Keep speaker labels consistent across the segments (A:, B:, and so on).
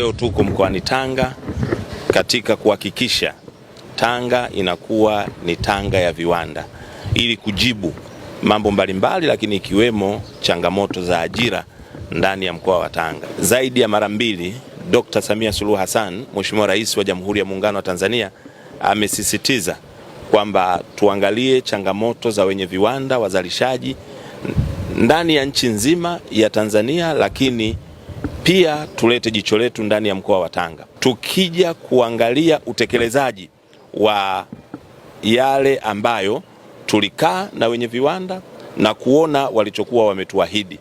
A: Leo tuko mkoani Tanga katika kuhakikisha Tanga inakuwa ni Tanga ya viwanda ili kujibu mambo mbalimbali lakini ikiwemo changamoto za ajira ndani ya mkoa wa Tanga. Zaidi ya mara mbili Dkt. Samia Suluhu Hassan, Mheshimiwa Rais wa Jamhuri ya Muungano wa Tanzania, amesisitiza kwamba tuangalie changamoto za wenye viwanda wazalishaji ndani ya nchi nzima ya Tanzania lakini pia tulete jicho letu ndani ya mkoa wa Tanga. Tukija kuangalia utekelezaji wa yale ambayo tulikaa na wenye viwanda na kuona walichokuwa wametuahidi,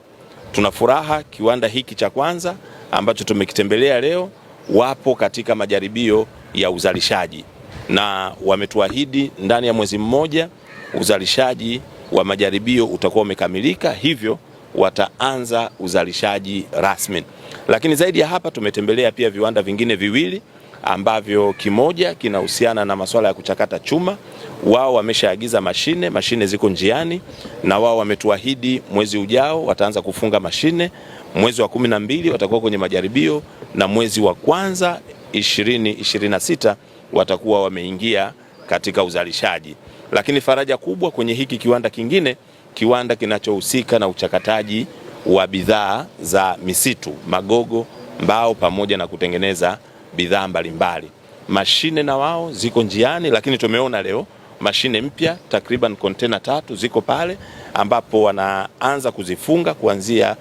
A: tuna furaha. Kiwanda hiki cha kwanza ambacho tumekitembelea leo, wapo katika majaribio ya uzalishaji na wametuahidi ndani ya mwezi mmoja uzalishaji wa majaribio utakuwa umekamilika hivyo wataanza uzalishaji rasmi. Lakini zaidi ya hapa tumetembelea pia viwanda vingine viwili ambavyo kimoja kinahusiana na masuala ya kuchakata chuma. Wao wameshaagiza mashine, mashine ziko njiani, na wao wametuahidi mwezi ujao wataanza kufunga mashine, mwezi wa kumi na mbili watakuwa kwenye majaribio na mwezi wa kwanza sita watakuwa wameingia katika uzalishaji. Lakini faraja kubwa kwenye hiki kiwanda kingine kiwanda kinachohusika na uchakataji wa bidhaa za misitu, magogo, mbao pamoja na kutengeneza bidhaa mbalimbali. Mashine na wao ziko njiani, lakini tumeona leo mashine mpya takriban kontena tatu ziko pale ambapo wanaanza kuzifunga kuanzia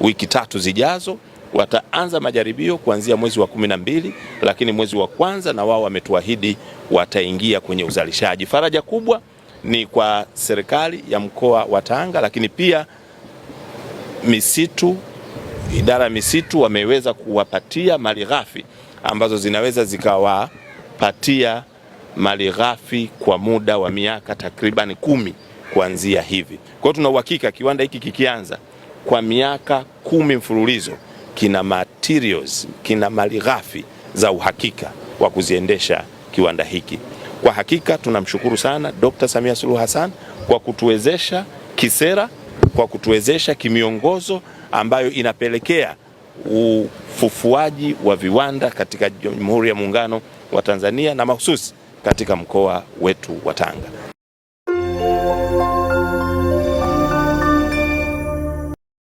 A: wiki tatu zijazo. Wataanza majaribio kuanzia mwezi wa kumi na mbili, lakini mwezi wa kwanza na wao wametuahidi wataingia kwenye uzalishaji. Faraja kubwa ni kwa serikali ya mkoa wa Tanga, lakini pia misitu, idara ya misitu wameweza kuwapatia mali ghafi ambazo zinaweza zikawapatia mali ghafi kwa muda wa miaka takribani kumi kuanzia hivi. Kwa hiyo tuna uhakika kiwanda hiki kikianza kwa miaka kumi mfululizo kina materials, kina mali ghafi za uhakika wa kuziendesha kiwanda hiki. Kwa hakika tunamshukuru sana Dr. Samia Suluhu Hassan kwa kutuwezesha kisera, kwa kutuwezesha kimiongozo ambayo inapelekea ufufuaji wa viwanda katika Jamhuri ya Muungano wa Tanzania na mahususi katika mkoa wetu wa Tanga.